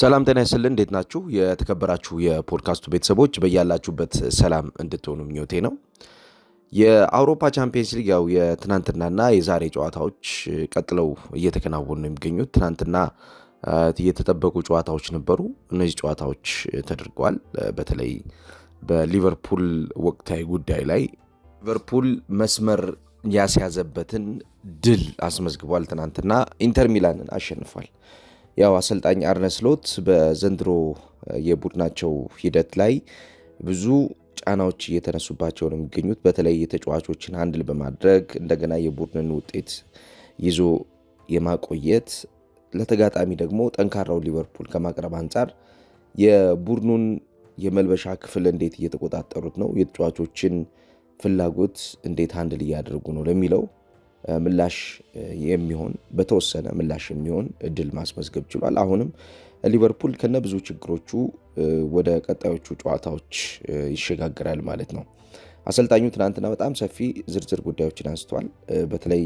ሰላም ጤና ይስጥልን። እንዴት ናችሁ? የተከበራችሁ የፖድካስቱ ቤተሰቦች በያላችሁበት ሰላም እንድትሆኑ ምኞቴ ነው። የአውሮፓ ቻምፒየንስ ሊግ ያው የትናንትናና የዛሬ ጨዋታዎች ቀጥለው እየተከናወኑ ነው የሚገኙት። ትናንትና የተጠበቁ ጨዋታዎች ነበሩ። እነዚህ ጨዋታዎች ተደርገዋል። በተለይ በሊቨርፑል ወቅታዊ ጉዳይ ላይ ሊቨርፑል መስመር ያስያዘበትን ድል አስመዝግቧል። ትናንትና ኢንተር ሚላንን አሸንፏል። ያው አሰልጣኝ አርነስሎት በዘንድሮ የቡድናቸው ሂደት ላይ ብዙ ጫናዎች እየተነሱባቸው ነው የሚገኙት። በተለይ የተጫዋቾችን ሀንድል በማድረግ እንደገና የቡድንን ውጤት ይዞ የማቆየት ለተጋጣሚ ደግሞ ጠንካራው ሊቨርፑል ከማቅረብ አንጻር የቡድኑን የመልበሻ ክፍል እንዴት እየተቆጣጠሩት ነው፣ የተጫዋቾችን ፍላጎት እንዴት ሀንድል እያደረጉ ነው ለሚለው ምላሽ የሚሆን በተወሰነ ምላሽ የሚሆን እድል ማስመዝገብ ችሏል። አሁንም ሊቨርፑል ከነ ብዙ ችግሮቹ ወደ ቀጣዮቹ ጨዋታዎች ይሸጋግራል ማለት ነው። አሰልጣኙ ትናንትና በጣም ሰፊ ዝርዝር ጉዳዮችን አንስቷል። በተለይ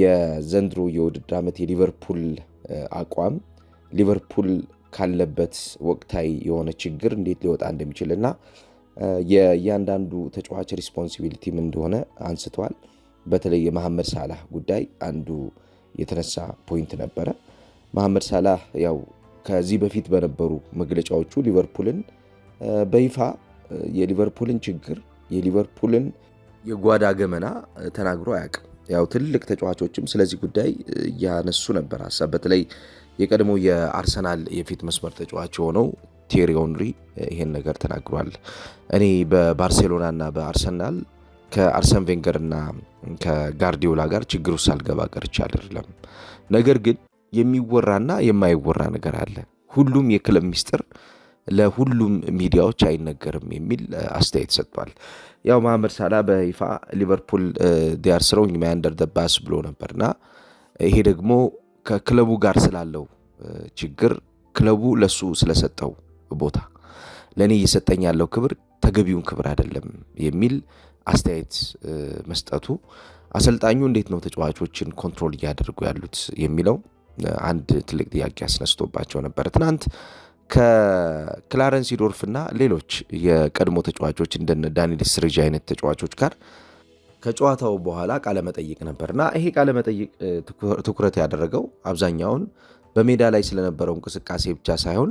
የዘንድሮ የውድድር ዓመት የሊቨርፑል አቋም ሊቨርፑል ካለበት ወቅታዊ የሆነ ችግር እንዴት ሊወጣ እንደሚችልና የእያንዳንዱ ተጫዋች ሪስፖንሲቢሊቲም እንደሆነ አንስተዋል። በተለይ የመሐመድ ሳላህ ጉዳይ አንዱ የተነሳ ፖይንት ነበረ። መሐመድ ሳላህ ያው ከዚህ በፊት በነበሩ መግለጫዎቹ ሊቨርፑልን በይፋ የሊቨርፑልን ችግር የሊቨርፑልን የጓዳ ገመና ተናግሮ አያውቅም። ያው ትልቅ ተጫዋቾችም ስለዚህ ጉዳይ እያነሱ ነበር ሀሳብ። በተለይ የቀድሞ የአርሰናል የፊት መስመር ተጫዋች የሆነው ቴሪ ኦንሪ ይሄን ነገር ተናግሯል። እኔ በባርሴሎና እና በአርሰናል ከአርሰን ቬንገርና ከጋርዲዮላ ጋር ችግር ውስጥ አልገባ ቀርቼ አይደለም። ነገር ግን የሚወራና የማይወራ ነገር አለ። ሁሉም የክለብ ሚስጥር ለሁሉም ሚዲያዎች አይነገርም የሚል አስተያየት ሰጥቷል። ያው መሐመድ ሳላ በይፋ ሊቨርፑል ዲያርስረውኝ ማያንደር ደባስ ብሎ ነበርና ይሄ ደግሞ ከክለቡ ጋር ስላለው ችግር ክለቡ ለሱ ስለሰጠው ቦታ ለእኔ እየሰጠኝ ያለው ክብር ተገቢውን ክብር አይደለም የሚል አስተያየት መስጠቱ አሰልጣኙ እንዴት ነው ተጫዋቾችን ኮንትሮል እያደረጉ ያሉት የሚለው አንድ ትልቅ ጥያቄ አስነስቶባቸው ነበር። ትናንት ከክላረንስ እና ሌሎች የቀድሞ ተጫዋቾች እንደ ዳኒል ስርጅ አይነት ተጫዋቾች ጋር ከጨዋታው በኋላ ቃለመጠይቅ እና ይሄ ቃለመጠይቅ ትኩረት ያደረገው አብዛኛውን በሜዳ ላይ ስለነበረው እንቅስቃሴ ብቻ ሳይሆን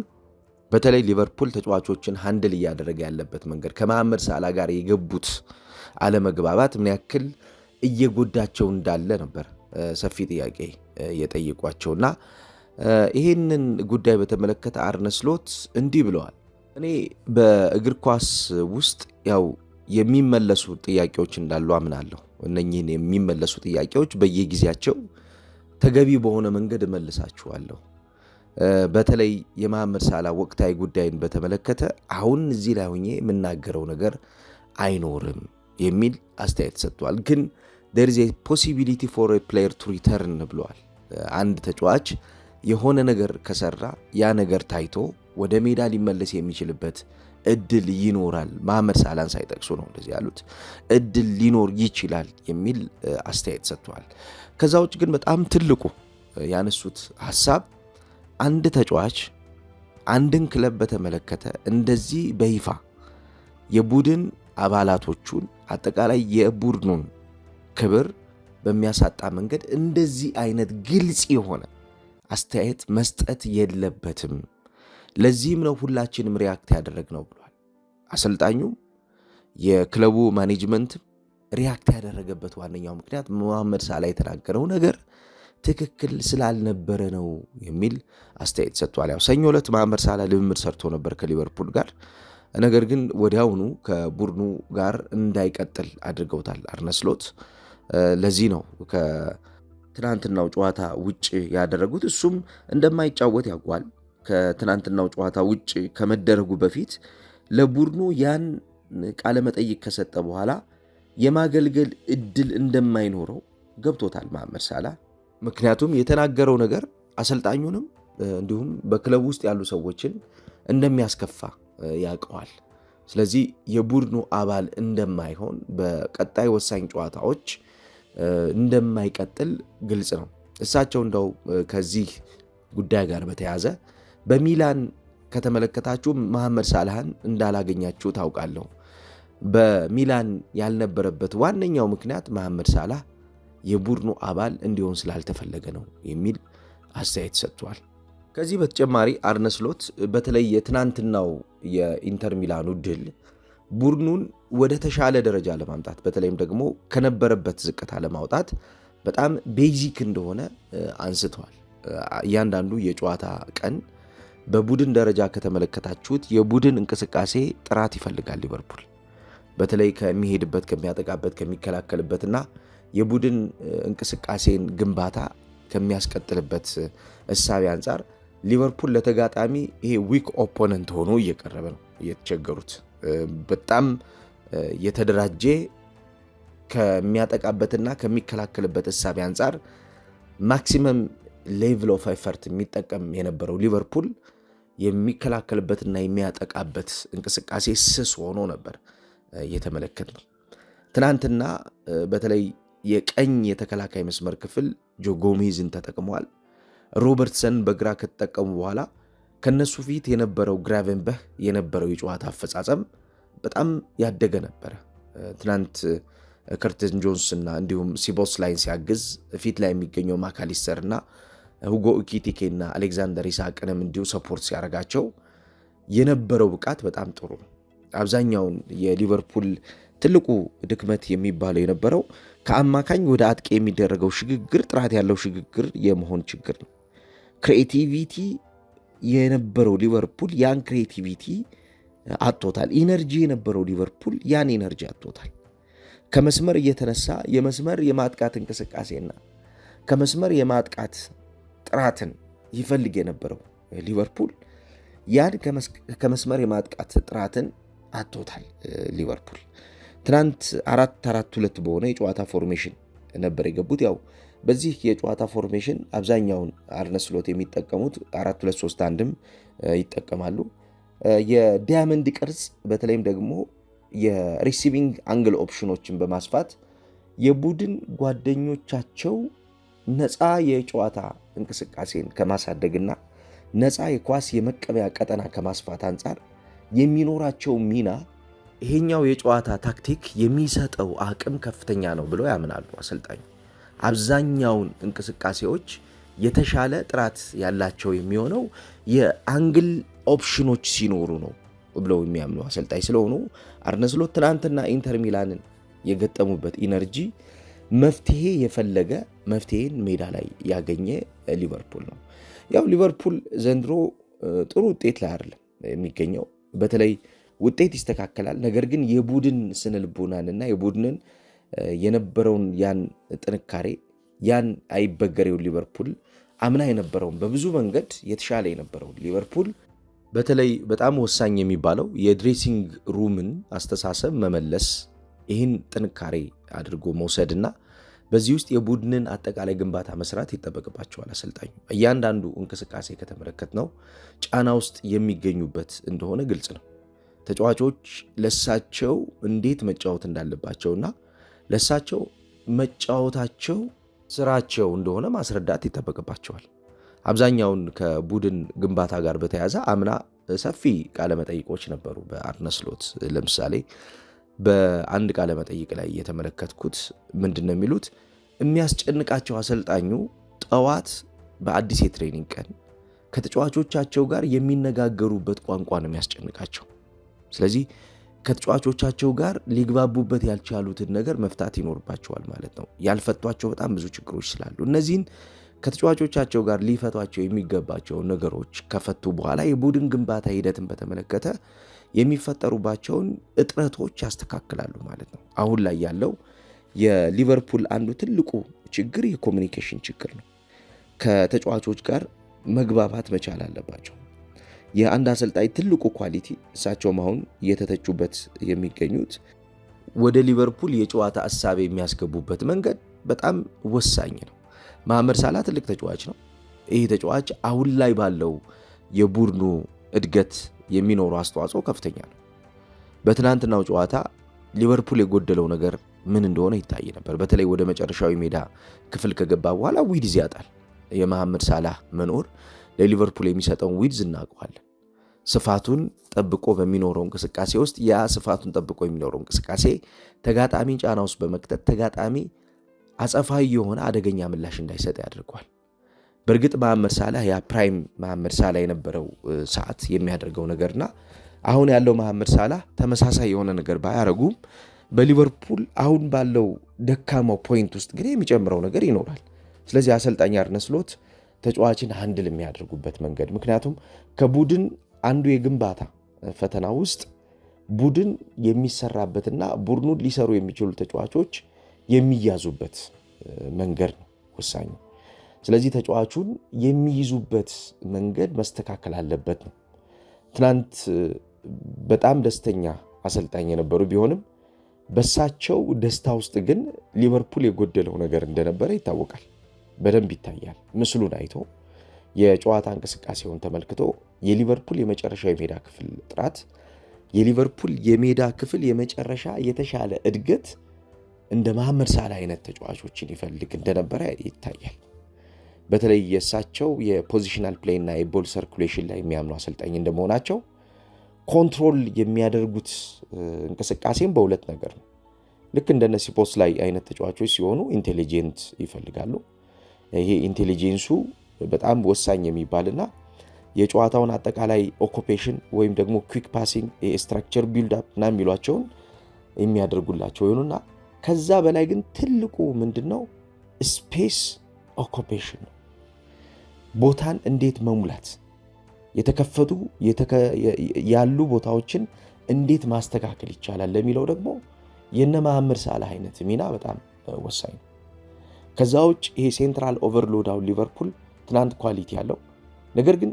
በተለይ ሊቨርፑል ተጫዋቾችን ሀንድል እያደረገ ያለበት መንገድ ከመሐመድ ሳላ ጋር የገቡት አለመግባባት ምን ያክል እየጎዳቸው እንዳለ ነበር ሰፊ ጥያቄ የጠየቋቸውና ይህንን ጉዳይ በተመለከተ አርነ ስሎት እንዲህ ብለዋል። እኔ በእግር ኳስ ውስጥ ያው የሚመለሱ ጥያቄዎች እንዳሉ አምናለሁ። እነኚህን የሚመለሱ ጥያቄዎች በየጊዜያቸው ተገቢ በሆነ መንገድ እመልሳችኋለሁ በተለይ የመሐመድ ሳላ ወቅታዊ ጉዳይን በተመለከተ አሁን እዚህ ላይ ሆኜ የምናገረው ነገር አይኖርም የሚል አስተያየት ሰጥቷል። ግን ዴር ኢዝ ፖሲቢሊቲ ፎር ፕሌየር ቱ ሪተርን ብለዋል። አንድ ተጫዋች የሆነ ነገር ከሰራ ያ ነገር ታይቶ ወደ ሜዳ ሊመለስ የሚችልበት እድል ይኖራል። መሐመድ ሳላን ሳይጠቅሱ ነው እንደዚህ ያሉት። እድል ሊኖር ይችላል የሚል አስተያየት ሰጥቷል። ከዛ ውጭ ግን በጣም ትልቁ ያነሱት ሀሳብ አንድ ተጫዋች አንድን ክለብ በተመለከተ እንደዚህ በይፋ የቡድን አባላቶቹን አጠቃላይ የቡድኑን ክብር በሚያሳጣ መንገድ እንደዚህ አይነት ግልጽ የሆነ አስተያየት መስጠት የለበትም። ለዚህም ነው ሁላችንም ሪያክት ያደረግነው ብሏል። አሰልጣኙም የክለቡ ማኔጅመንት ሪያክት ያደረገበት ዋነኛው ምክንያት መሐመድ ሳላ የተናገረው ነገር ትክክል ስላልነበረ ነው የሚል አስተያየት ሰጥቷል። ያው ሰኞ ዕለት መሐመድ ሳላ ልምምድ ሰርቶ ነበር ከሊቨርፑል ጋር ነገር ግን ወዲያውኑ ከቡድኑ ጋር እንዳይቀጥል አድርገውታል አርነ ስሎት። ለዚህ ነው ከትናንትናው ጨዋታ ውጭ ያደረጉት። እሱም እንደማይጫወት ያውቋል። ከትናንትናው ጨዋታ ውጭ ከመደረጉ በፊት ለቡድኑ ያን ቃለመጠይቅ ከሰጠ በኋላ የማገልገል እድል እንደማይኖረው ገብቶታል መሐመድ ሳላ። ምክንያቱም የተናገረው ነገር አሰልጣኙንም እንዲሁም በክለብ ውስጥ ያሉ ሰዎችን እንደሚያስከፋ ያውቀዋል። ስለዚህ የቡድኑ አባል እንደማይሆን በቀጣይ ወሳኝ ጨዋታዎች እንደማይቀጥል ግልጽ ነው። እሳቸው እንደው ከዚህ ጉዳይ ጋር በተያዘ በሚላን ከተመለከታችሁ መሐመድ ሳላህን እንዳላገኛችሁ ታውቃለሁ። በሚላን ያልነበረበት ዋነኛው ምክንያት መሐመድ ሳላህ የቡድኑ አባል እንዲሆን ስላልተፈለገ ነው የሚል አስተያየት ሰጥቷል። ከዚህ በተጨማሪ አርነ ስሎት በተለይ የትናንትናው የኢንተር ሚላኑ ድል ቡድኑን ወደ ተሻለ ደረጃ ለማምጣት በተለይም ደግሞ ከነበረበት ዝቅታ ለማውጣት በጣም ቤዚክ እንደሆነ አንስተዋል። እያንዳንዱ የጨዋታ ቀን በቡድን ደረጃ ከተመለከታችሁት የቡድን እንቅስቃሴ ጥራት ይፈልጋል ሊቨርፑል በተለይ ከሚሄድበት ከሚያጠቃበት፣ ከሚከላከልበትና የቡድን እንቅስቃሴን ግንባታ ከሚያስቀጥልበት እሳቤ አንጻር ሊቨርፑል ለተጋጣሚ ይሄ ዊክ ኦፖነንት ሆኖ እየቀረበ ነው እየተቸገሩት። በጣም የተደራጀ ከሚያጠቃበትና ከሚከላከልበት እሳቤ አንጻር ማክሲመም ሌቭል ኦፍ ኤፈርት የሚጠቀም የነበረው ሊቨርፑል የሚከላከልበትና የሚያጠቃበት እንቅስቃሴ ስስ ሆኖ ነበር እየተመለከት ነው። ትናንትና በተለይ የቀኝ የተከላካይ መስመር ክፍል ጎሜዝን ተጠቅመዋል። ሮበርትሰን በግራ ከተጠቀሙ በኋላ ከነሱ ፊት የነበረው ግራቨንበህ የነበረው የጨዋታ አፈጻጸም በጣም ያደገ ነበረ። ትናንት ከርቲን ጆንስ እና እንዲሁም ሲቦስ ላይን ሲያግዝ ፊት ላይ የሚገኘው ማካሊስተር እና ሁጎ ኢኪቲኬ እና አሌክዛንደር ኢሳቅንም እንዲሁ ሰፖርት ሲያደርጋቸው የነበረው ብቃት በጣም ጥሩ ነው። አብዛኛውን የሊቨርፑል ትልቁ ድክመት የሚባለው የነበረው ከአማካኝ ወደ አጥቂ የሚደረገው ሽግግር ጥራት ያለው ሽግግር የመሆን ችግር ነው። ክሬቲቪቲ የነበረው ሊቨርፑል ያን ክሬቲቪቲ አጥቶታል። ኢነርጂ የነበረው ሊቨርፑል ያን ኢነርጂ አጥቶታል። ከመስመር እየተነሳ የመስመር የማጥቃት እንቅስቃሴና ከመስመር የማጥቃት ጥራትን ይፈልግ የነበረው ሊቨርፑል ያን ከመስመር የማጥቃት ጥራትን አጥቶታል ሊቨርፑል ትናንት አራት አራት ሁለት በሆነ የጨዋታ ፎርሜሽን ነበር የገቡት። ያው በዚህ የጨዋታ ፎርሜሽን አብዛኛውን አርነ ስሎት የሚጠቀሙት አራት ሁለት ሶስት አንድም ይጠቀማሉ። የዲያመንድ ቅርጽ በተለይም ደግሞ የሪሲቪንግ አንግል ኦፕሽኖችን በማስፋት የቡድን ጓደኞቻቸው ነፃ የጨዋታ እንቅስቃሴን ከማሳደግና ነፃ የኳስ የመቀበያ ቀጠና ከማስፋት አንጻር የሚኖራቸው ሚና ይሄኛው የጨዋታ ታክቲክ የሚሰጠው አቅም ከፍተኛ ነው ብለው ያምናሉ አሰልጣኙ። አብዛኛውን እንቅስቃሴዎች የተሻለ ጥራት ያላቸው የሚሆነው የአንግል ኦፕሽኖች ሲኖሩ ነው ብለው የሚያምኑ አሰልጣኝ ስለሆኑ አርነስሎት ትናንትና ኢንተር ሚላንን የገጠሙበት ኢነርጂ መፍትሄ የፈለገ መፍትሄን ሜዳ ላይ ያገኘ ሊቨርፑል ነው። ያው ሊቨርፑል ዘንድሮ ጥሩ ውጤት ላይ አይደለም የሚገኘው በተለይ ውጤት ይስተካከላል። ነገር ግን የቡድን እና የቡድንን የነበረውን ያን ጥንካሬ ያን አይበገሬውን ሊቨርፑል አምና የነበረውን በብዙ መንገድ የተሻለ የነበረውን ሊቨርፑል በተለይ በጣም ወሳኝ የሚባለው የድሬሲንግ ሩምን አስተሳሰብ መመለስ ይህን ጥንካሬ አድርጎ መውሰድና በዚህ ውስጥ የቡድንን አጠቃላይ ግንባታ መስራት ይጠበቅባቸዋል። አሰልጣኙ እያንዳንዱ እንቅስቃሴ ከተመለከት ነው ጫና ውስጥ የሚገኙበት እንደሆነ ግልጽ ነው። ተጫዋቾች ለሳቸው እንዴት መጫወት እንዳለባቸው እና ለሳቸው መጫወታቸው ስራቸው እንደሆነ ማስረዳት ይጠበቅባቸዋል። አብዛኛውን ከቡድን ግንባታ ጋር በተያያዘ አምና ሰፊ ቃለመጠይቆች ነበሩ በአርነስሎት ለምሳሌ በአንድ ቃለመጠይቅ ላይ የተመለከትኩት ምንድን ነው የሚሉት የሚያስጨንቃቸው አሰልጣኙ ጠዋት በአዲስ የትሬኒንግ ቀን ከተጫዋቾቻቸው ጋር የሚነጋገሩበት ቋንቋ ነው የሚያስጨንቃቸው። ስለዚህ ከተጫዋቾቻቸው ጋር ሊግባቡበት ያልቻሉትን ነገር መፍታት ይኖርባቸዋል ማለት ነው። ያልፈቷቸው በጣም ብዙ ችግሮች ስላሉ እነዚህን ከተጫዋቾቻቸው ጋር ሊፈቷቸው የሚገባቸውን ነገሮች ከፈቱ በኋላ የቡድን ግንባታ ሂደትን በተመለከተ የሚፈጠሩባቸውን እጥረቶች ያስተካክላሉ ማለት ነው። አሁን ላይ ያለው የሊቨርፑል አንዱ ትልቁ ችግር የኮሚኒኬሽን ችግር ነው። ከተጫዋቾች ጋር መግባባት መቻል አለባቸው። የአንድ አሰልጣኝ ትልቁ ኳሊቲ እሳቸውም አሁን እየተተቹበት የሚገኙት ወደ ሊቨርፑል የጨዋታ እሳቤ የሚያስገቡበት መንገድ በጣም ወሳኝ ነው። መሐመድ ሳላህ ትልቅ ተጫዋች ነው። ይህ ተጫዋች አሁን ላይ ባለው የቡድኑ እድገት የሚኖሩ አስተዋጽኦ ከፍተኛ ነው። በትናንትናው ጨዋታ ሊቨርፑል የጎደለው ነገር ምን እንደሆነ ይታይ ነበር። በተለይ ወደ መጨረሻዊ ሜዳ ክፍል ከገባ በኋላ ዊድዝ ያጣል። የመሐመድ ሳላህ መኖር ለሊቨርፑል የሚሰጠውን ዊድዝ እናውቀዋለን። ስፋቱን ጠብቆ በሚኖረው እንቅስቃሴ ውስጥ ያ ስፋቱን ጠብቆ የሚኖረው እንቅስቃሴ ተጋጣሚ ጫና ውስጥ በመክተት ተጋጣሚ አጸፋዊ የሆነ አደገኛ ምላሽ እንዳይሰጥ ያደርገዋል። በእርግጥ መሐመድ ሳላህ ያ ፕራይም መሐመድ ሳላህ የነበረው ሰዓት የሚያደርገው ነገርና አሁን ያለው መሐመድ ሳላህ ተመሳሳይ የሆነ ነገር ባያረጉም በሊቨርፑል አሁን ባለው ደካማው ፖይንት ውስጥ ግን የሚጨምረው ነገር ይኖራል። ስለዚህ አሰልጣኝ አርነ ስሎት ተጫዋችን ሀንድል የሚያደርጉበት መንገድ። ምክንያቱም ከቡድን አንዱ የግንባታ ፈተና ውስጥ ቡድን የሚሰራበትና ቡድኑን ሊሰሩ የሚችሉ ተጫዋቾች የሚያዙበት መንገድ ነው ወሳኙ። ስለዚህ ተጫዋቹን የሚይዙበት መንገድ መስተካከል አለበት ነው። ትናንት በጣም ደስተኛ አሰልጣኝ የነበሩ ቢሆንም በሳቸው ደስታ ውስጥ ግን ሊቨርፑል የጎደለው ነገር እንደነበረ ይታወቃል። በደንብ ይታያል። ምስሉን አይቶ የጨዋታ እንቅስቃሴውን ተመልክቶ የሊቨርፑል የመጨረሻ የሜዳ ክፍል ጥራት፣ የሊቨርፑል የሜዳ ክፍል የመጨረሻ የተሻለ እድገት እንደ መሐመድ ሳላ አይነት ተጫዋቾችን ይፈልግ እንደነበረ ይታያል። በተለይ የእሳቸው የፖዚሽናል ፕሌይና የቦል ሰርኩሌሽን ላይ የሚያምኑ አሰልጣኝ እንደመሆናቸው ኮንትሮል የሚያደርጉት እንቅስቃሴም በሁለት ነገር ነው። ልክ እንደነ ሲፖስ ላይ አይነት ተጫዋቾች ሲሆኑ ኢንቴሊጀንት ይፈልጋሉ። ይሄ ኢንቴሊጀንሱ በጣም ወሳኝ የሚባልና የጨዋታውን አጠቃላይ ኦኩፔሽን ወይም ደግሞ ኩክ ፓሲንግ ስትራክቸር ቢልድ አፕ ና የሚሏቸውን የሚያደርጉላቸው ይሆኑና ከዛ በላይ ግን ትልቁ ምንድን ነው ስፔስ ኦኩፔሽን ነው። ቦታን እንዴት መሙላት የተከፈቱ ያሉ ቦታዎችን እንዴት ማስተካከል ይቻላል ለሚለው ደግሞ የነ መሐመድ ሳላህ አይነት ሚና በጣም ወሳኝ ነው። ከዛ ውጭ ይሄ ሴንትራል ኦቨርሎድ አሁን ሊቨርፑል ትናንት ኳሊቲ አለው ነገር ግን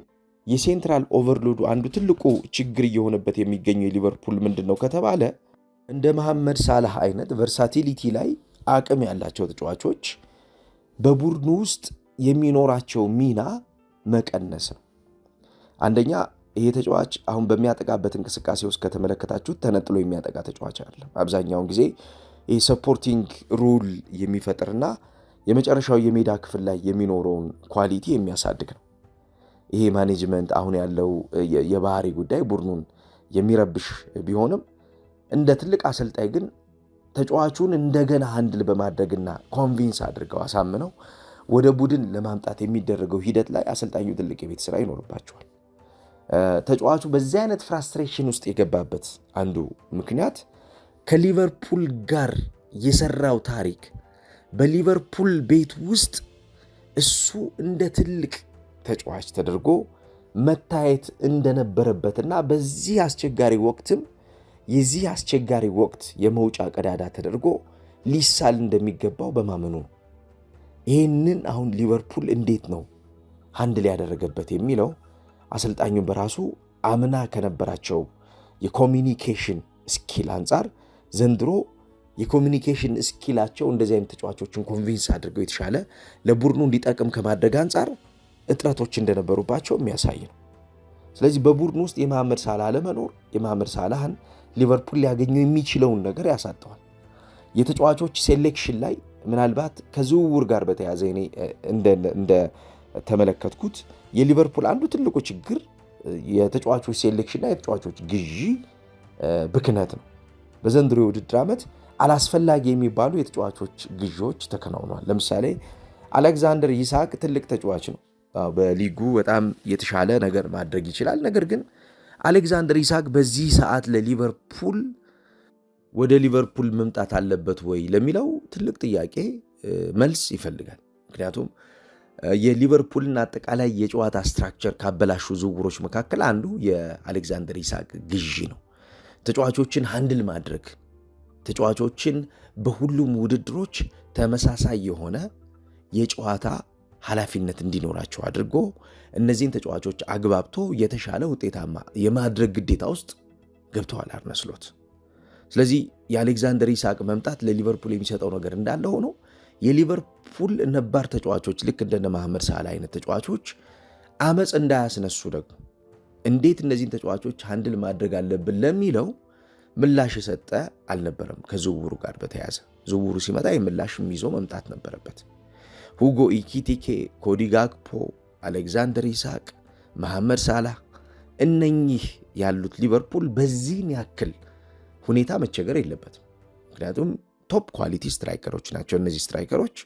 የሴንትራል ኦቨርሎዱ አንዱ ትልቁ ችግር እየሆነበት የሚገኘው የሊቨርፑል ምንድን ነው ከተባለ እንደ መሐመድ ሳላህ አይነት ቨርሳቲሊቲ ላይ አቅም ያላቸው ተጫዋቾች በቡድኑ ውስጥ የሚኖራቸው ሚና መቀነስ ነው። አንደኛ ይሄ ተጫዋች አሁን በሚያጠቃበት እንቅስቃሴ ውስጥ ከተመለከታችሁት ተነጥሎ የሚያጠቃ ተጫዋች አለ። አብዛኛውን ጊዜ ይህ ሰፖርቲንግ ሩል የሚፈጥርና የመጨረሻው የሜዳ ክፍል ላይ የሚኖረውን ኳሊቲ የሚያሳድግ ነው። ይሄ ማኔጅመንት አሁን ያለው የባህሪ ጉዳይ ቡድኑን የሚረብሽ ቢሆንም እንደ ትልቅ አሰልጣኝ ግን ተጫዋቹን እንደገና ሀንድል በማድረግና ኮንቪንስ አድርገው አሳምነው ወደ ቡድን ለማምጣት የሚደረገው ሂደት ላይ አሰልጣኙ ትልቅ የቤት ስራ ይኖርባቸዋል። ተጫዋቹ በዚህ አይነት ፍራስትሬሽን ውስጥ የገባበት አንዱ ምክንያት ከሊቨርፑል ጋር የሰራው ታሪክ በሊቨርፑል ቤት ውስጥ እሱ እንደ ትልቅ ተጫዋች ተደርጎ መታየት እንደነበረበትና በዚህ አስቸጋሪ ወቅትም የዚህ አስቸጋሪ ወቅት የመውጫ ቀዳዳ ተደርጎ ሊሳል እንደሚገባው በማመኑ ይህንን አሁን ሊቨርፑል እንዴት ነው አንድ ላይ ያደረገበት የሚለው አሰልጣኙ በራሱ አምና ከነበራቸው የኮሚኒኬሽን ስኪል አንጻር ዘንድሮ የኮሚኒኬሽን ስኪላቸው እንደዚህ አይነት ተጫዋቾችን ኮንቪንስ አድርገው የተሻለ ለቡድኑ እንዲጠቅም ከማድረግ አንጻር እጥረቶች እንደነበሩባቸው የሚያሳይ ነው። ስለዚህ በቡድኑ ውስጥ የመሐመድ ሳላህ ለመኖር የመሐመድ ሳላህን ሊቨርፑል ሊያገኘው የሚችለውን ነገር ያሳጠዋል። የተጫዋቾች ሴሌክሽን ላይ ምናልባት ከዝውውር ጋር በተያያዘ እኔ እንደተመለከትኩት የሊቨርፑል አንዱ ትልቁ ችግር የተጫዋቾች ሴሌክሽንና የተጫዋቾች ግዢ ብክነት ነው። በዘንድሮ የውድድር ዓመት አላስፈላጊ የሚባሉ የተጫዋቾች ግዢዎች ተከናውኗል። ለምሳሌ አሌክዛንደር ይስሐቅ ትልቅ ተጫዋች ነው። በሊጉ በጣም የተሻለ ነገር ማድረግ ይችላል። ነገር ግን አሌክዛንደር ይስሐቅ በዚህ ሰዓት ለሊቨርፑል ወደ ሊቨርፑል መምጣት አለበት ወይ ለሚለው ትልቅ ጥያቄ መልስ ይፈልጋል። ምክንያቱም የሊቨርፑልን አጠቃላይ የጨዋታ ስትራክቸር ካበላሹ ዝውውሮች መካከል አንዱ የአሌክዛንደር ይስሐቅ ግዢ ነው። ተጫዋቾችን ሀንድል ማድረግ ተጫዋቾችን በሁሉም ውድድሮች ተመሳሳይ የሆነ የጨዋታ ኃላፊነት እንዲኖራቸው አድርጎ እነዚህን ተጫዋቾች አግባብቶ የተሻለ ውጤታማ የማድረግ ግዴታ ውስጥ ገብተዋል አርነ ስሎት። ስለዚህ የአሌክዛንደር ኢሳቅ መምጣት ለሊቨርፑል የሚሰጠው ነገር እንዳለ ሆኖ የሊቨርፑል ነባር ተጫዋቾች ልክ እንደነ ማህመድ ሳላ አይነት ተጫዋቾች አመፅ እንዳያስነሱ ደግሞ እንዴት እነዚህን ተጫዋቾች ሃንድል ማድረግ አለብን ለሚለው ምላሽ የሰጠ አልነበረም። ከዝውውሩ ጋር በተያያዘ ዝውውሩ ሲመጣ የምላሽም ይዞ መምጣት ነበረበት። ሁጎ ኢኪቲኬ፣ ኮዲ ጋክፖ፣ አሌክዛንደር ኢሳቅ፣ መሐመድ ሳላህ እነኚህ ያሉት ሊቨርፑል በዚህን ያክል ሁኔታ መቸገር የለበትም። ምክንያቱም ቶፕ ኳሊቲ ስትራይከሮች ናቸው እነዚህ ስትራይከሮች።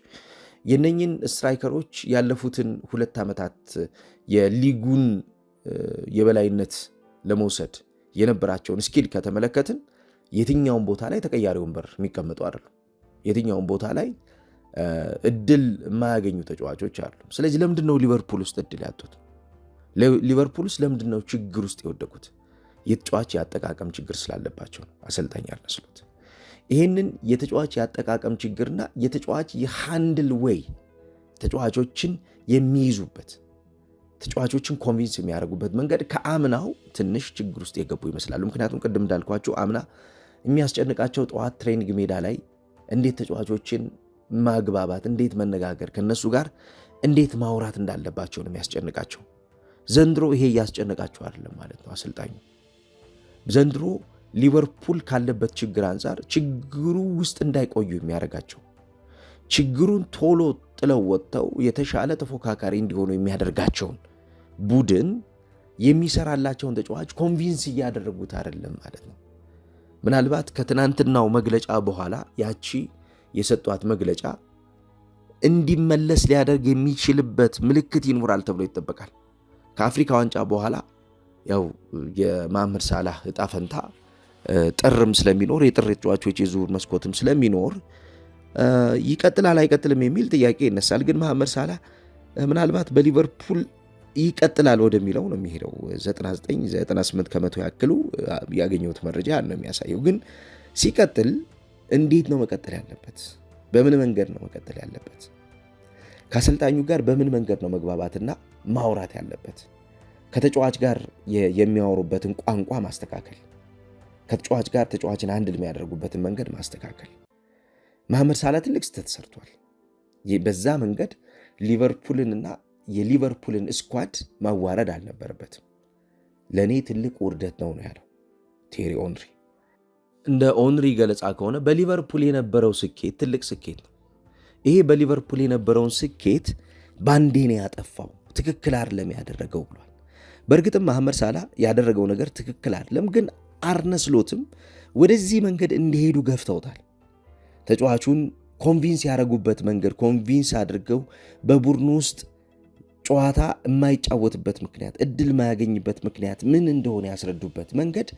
የነኝን ስትራይከሮች ያለፉትን ሁለት ዓመታት የሊጉን የበላይነት ለመውሰድ የነበራቸውን ስኪል ከተመለከትን የትኛውን ቦታ ላይ ተቀያሪ ወንበር የሚቀመጡ አይደሉም። የትኛውን ቦታ ላይ እድል የማያገኙ ተጫዋቾች አሉ። ስለዚህ ለምንድን ነው ሊቨርፑል ውስጥ እድል ያጡት? ሊቨርፑል ውስጥ ለምንድን ነው ችግር ውስጥ የወደቁት? የተጫዋች የአጠቃቀም ችግር ስላለባቸው ነው። አሰልጣኝ ያልመስሉት። ይህንን የተጫዋች የአጠቃቀም ችግርና የተጫዋች የሃንድል ወይ ተጫዋቾችን የሚይዙበት ተጫዋቾችን ኮንቪንስ የሚያደርጉበት መንገድ ከአምናው ትንሽ ችግር ውስጥ የገቡ ይመስላሉ። ምክንያቱም ቅድም እንዳልኳቸው አምና የሚያስጨንቃቸው ጠዋት ትሬኒንግ ሜዳ ላይ እንዴት ተጫዋቾችን ማግባባት፣ እንዴት መነጋገር፣ ከነሱ ጋር እንዴት ማውራት እንዳለባቸው ነው የሚያስጨንቃቸው። ዘንድሮ ይሄ እያስጨነቃቸው አይደለም ማለት ነው። አሰልጣኙ ዘንድሮ ሊቨርፑል ካለበት ችግር አንጻር ችግሩ ውስጥ እንዳይቆዩ የሚያደርጋቸው ችግሩን ቶሎ ጥለው ወጥተው የተሻለ ተፎካካሪ እንዲሆኑ የሚያደርጋቸውን ቡድን የሚሰራላቸውን ተጫዋች ኮንቪንስ እያደረጉት አይደለም ማለት ነው። ምናልባት ከትናንትናው መግለጫ በኋላ ያቺ የሰጧት መግለጫ እንዲመለስ ሊያደርግ የሚችልበት ምልክት ይኖራል ተብሎ ይጠበቃል። ከአፍሪካ ዋንጫ በኋላ ያው የማምር ሳላህ እጣ ፈንታ ጥርም ስለሚኖር የጥር ተጫዋቾች የዝውውር መስኮትም ስለሚኖር ይቀጥላል አይቀጥልም የሚል ጥያቄ ይነሳል። ግን ማህመድ ሳላ ምናልባት በሊቨርፑል ይቀጥላል ወደሚለው ነው የሚሄደው። 99 98 ከመቶ ያክሉ ያገኘሁት መረጃ ያን ነው የሚያሳየው። ግን ሲቀጥል እንዴት ነው መቀጠል ያለበት? በምን መንገድ ነው መቀጠል ያለበት? ከአሰልጣኙ ጋር በምን መንገድ ነው መግባባትና ማውራት ያለበት? ከተጫዋች ጋር የሚያወሩበትን ቋንቋ ማስተካከል፣ ከተጫዋች ጋር ተጫዋችን አንድ የሚያደርጉበትን መንገድ ማስተካከል። መሐመድ ሳላ ትልቅ ስህተት ሰርቷል። በዛ መንገድ ሊቨርፑልንና የሊቨርፑልን ስኳድ ማዋረድ አልነበረበትም። ለእኔ ትልቅ ውርደት ነው ነው ያለው ቴሪ ኦንሪ። እንደ ኦንሪ ገለጻ ከሆነ በሊቨርፑል የነበረው ስኬት ትልቅ ስኬት ነው። ይሄ በሊቨርፑል የነበረውን ስኬት ባንዴ ነው ያጠፋው፣ ትክክል አይደለም ያደረገው ብሏል። በእርግጥም ማህመድ ሳላ ያደረገው ነገር ትክክል አይደለም፣ ግን አርነስሎትም ወደዚህ መንገድ እንዲሄዱ ገፍተውታል። ተጫዋቹን ኮንቪንስ ያደረጉበት መንገድ ኮንቪንስ አድርገው በቡድኑ ውስጥ ጨዋታ የማይጫወትበት ምክንያት እድል የማያገኝበት ምክንያት ምን እንደሆነ ያስረዱበት መንገድ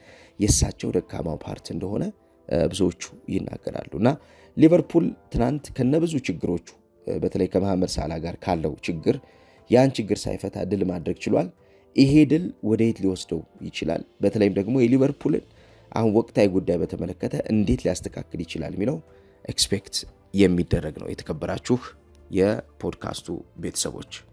የእሳቸው ደካማው ፓርት እንደሆነ ብዙዎቹ ይናገራሉ እና ሊቨርፑል ትናንት ከነብዙ ችግሮቹ በተለይ ከመሐመድ ሳላ ጋር ካለው ችግር ያን ችግር ሳይፈታ ድል ማድረግ ችሏል። ይሄ ድል ወደየት ሊወስደው ይችላል? በተለይም ደግሞ የሊቨርፑልን አሁን ወቅታዊ ጉዳይ በተመለከተ እንዴት ሊያስተካክል ይችላል የሚለው ኤክስፔክት የሚደረግ ነው። የተከበራችሁ የፖድካስቱ ቤተሰቦች